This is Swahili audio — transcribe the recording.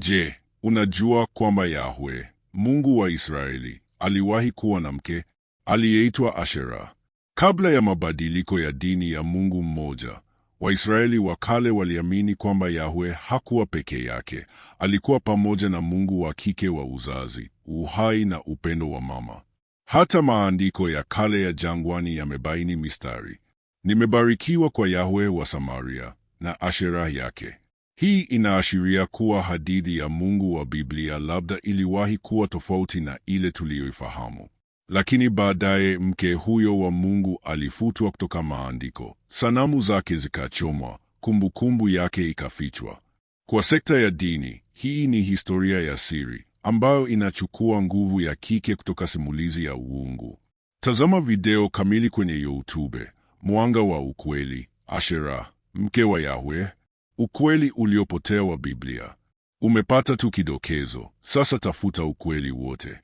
Je, unajua kwamba Yahwe Mungu wa Israeli aliwahi kuwa na mke aliyeitwa Ashera? Kabla ya mabadiliko ya dini ya Mungu mmoja, Waisraeli wa kale waliamini kwamba Yahwe hakuwa peke yake, alikuwa pamoja na Mungu wa kike wa uzazi, uhai na upendo wa mama. Hata maandiko ya kale ya jangwani yamebaini mistari: nimebarikiwa kwa Yahwe wa Samaria na Ashera yake. Hii inaashiria kuwa hadithi ya Mungu wa Biblia labda iliwahi kuwa tofauti na ile tuliyoifahamu. Lakini baadaye mke huyo wa Mungu alifutwa kutoka maandiko, sanamu zake zikachomwa, kumbukumbu yake ikafichwa. Kwa sekta ya dini, hii ni historia ya siri ambayo inachukua nguvu ya kike kutoka simulizi ya uungu. Tazama video kamili kwenye YouTube: Mwanga wa Ukweli, Ashera, mke wa Yahweh, ukweli uliopotea wa Biblia. Umepata tu kidokezo, sasa tafuta ukweli wote.